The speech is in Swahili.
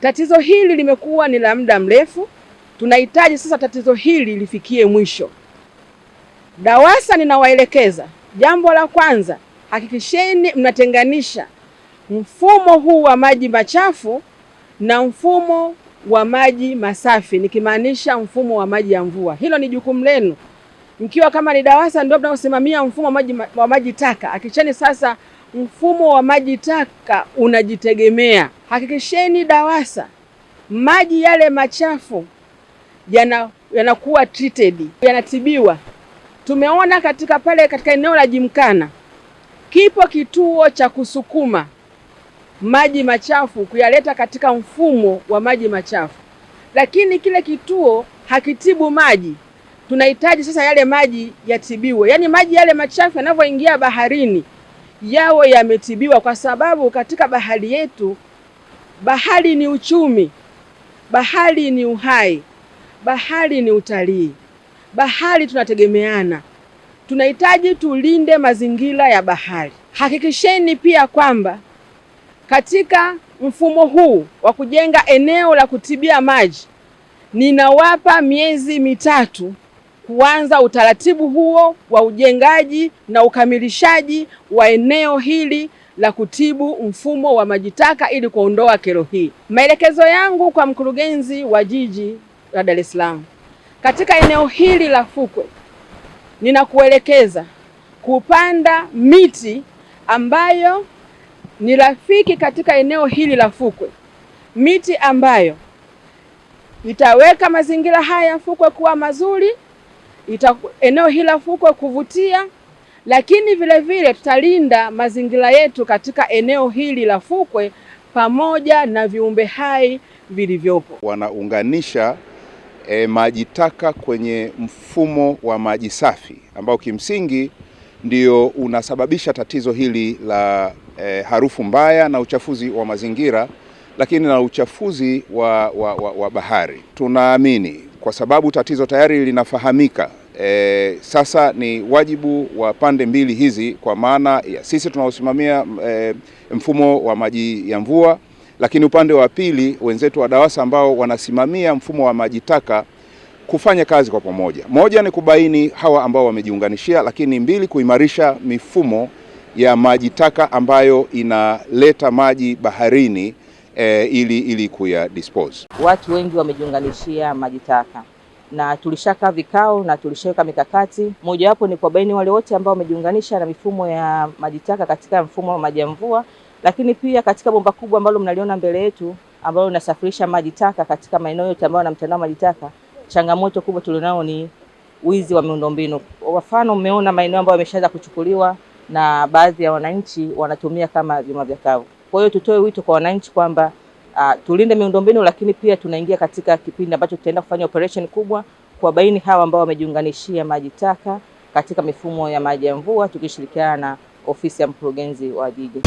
Tatizo hili limekuwa ni la muda mrefu. Tunahitaji sasa tatizo hili lifikie mwisho. DAWASA ninawaelekeza, jambo la kwanza, hakikisheni mnatenganisha mfumo huu wa maji machafu na mfumo wa maji masafi, nikimaanisha mfumo wa maji ya mvua. Hilo ni jukumu lenu, mkiwa kama ni DAWASA ndio mnaosimamia mfumo wa maji, wa maji taka. Hakikisheni sasa mfumo wa maji taka unajitegemea. Hakikisheni DAWASA maji yale machafu yanakuwa treated, yanatibiwa. Tumeona katika pale katika eneo la Jimkana kipo kituo cha kusukuma maji machafu kuyaleta katika mfumo wa maji machafu, lakini kile kituo hakitibu maji. Tunahitaji sasa yale maji yatibiwe, yaani maji yale machafu yanavyoingia baharini yawe yametibiwa, kwa sababu katika bahari yetu, bahari ni uchumi, bahari ni uhai, bahari ni utalii, bahari tunategemeana. Tunahitaji tulinde mazingira ya bahari. Hakikisheni pia kwamba katika mfumo huu wa kujenga eneo la kutibia maji ninawapa miezi mitatu kuanza utaratibu huo wa ujengaji na ukamilishaji wa eneo hili la kutibu mfumo wa maji taka ili kuondoa kero hii. Maelekezo yangu kwa mkurugenzi wa jiji la Dar es Salaam, katika eneo hili la fukwe, ninakuelekeza kupanda miti ambayo ni rafiki katika eneo hili la fukwe, miti ambayo itaweka mazingira haya fukwe kuwa mazuri ita eneo hila fukwe kuvutia, lakini vile vile tutalinda mazingira yetu katika eneo hili la fukwe pamoja na viumbe hai vilivyopo. Wanaunganisha e, maji taka kwenye mfumo wa maji safi ambao kimsingi ndio unasababisha tatizo hili la e, harufu mbaya na uchafuzi wa mazingira, lakini na uchafuzi wa, wa, wa, wa bahari. Tunaamini kwa sababu tatizo tayari linafahamika E, sasa ni wajibu wa pande mbili hizi kwa maana ya sisi tunaosimamia e, mfumo wa maji ya mvua, lakini upande wa pili wenzetu wa DAWASA ambao wanasimamia mfumo wa maji taka kufanya kazi kwa pamoja. Moja ni kubaini hawa ambao wamejiunganishia, lakini mbili kuimarisha mifumo ya maji taka ambayo inaleta maji baharini e, ili, ili kuya dispose. Watu wengi wamejiunganishia maji taka na tulishakaa vikao na tulishaweka mikakati. Mojawapo ni kuwabaini wale wote ambao wamejiunganisha na mifumo ya maji taka katika mfumo wa maji ya mvua, lakini pia katika bomba kubwa ambalo mnaliona mbele yetu ambalo linasafirisha maji taka katika maeneo yote ambayo na mtandao maji taka, changamoto kubwa tulionao ni wizi wa miundombinu. Kwa mfano, mmeona maeneo ambayo yameshaanza kuchukuliwa na baadhi ya wananchi wanatumia kama vyuma vya kavu. Kwa hiyo tutoe wito kwa wananchi kwamba uh, tulinde miundombinu, lakini pia tunaingia katika kipindi ambacho tutaenda kufanya operation kubwa kuwabaini hawa ambao wamejiunganishia maji taka katika mifumo ya maji ya mvua tukishirikiana na ofisi ya mkurugenzi wa jiji.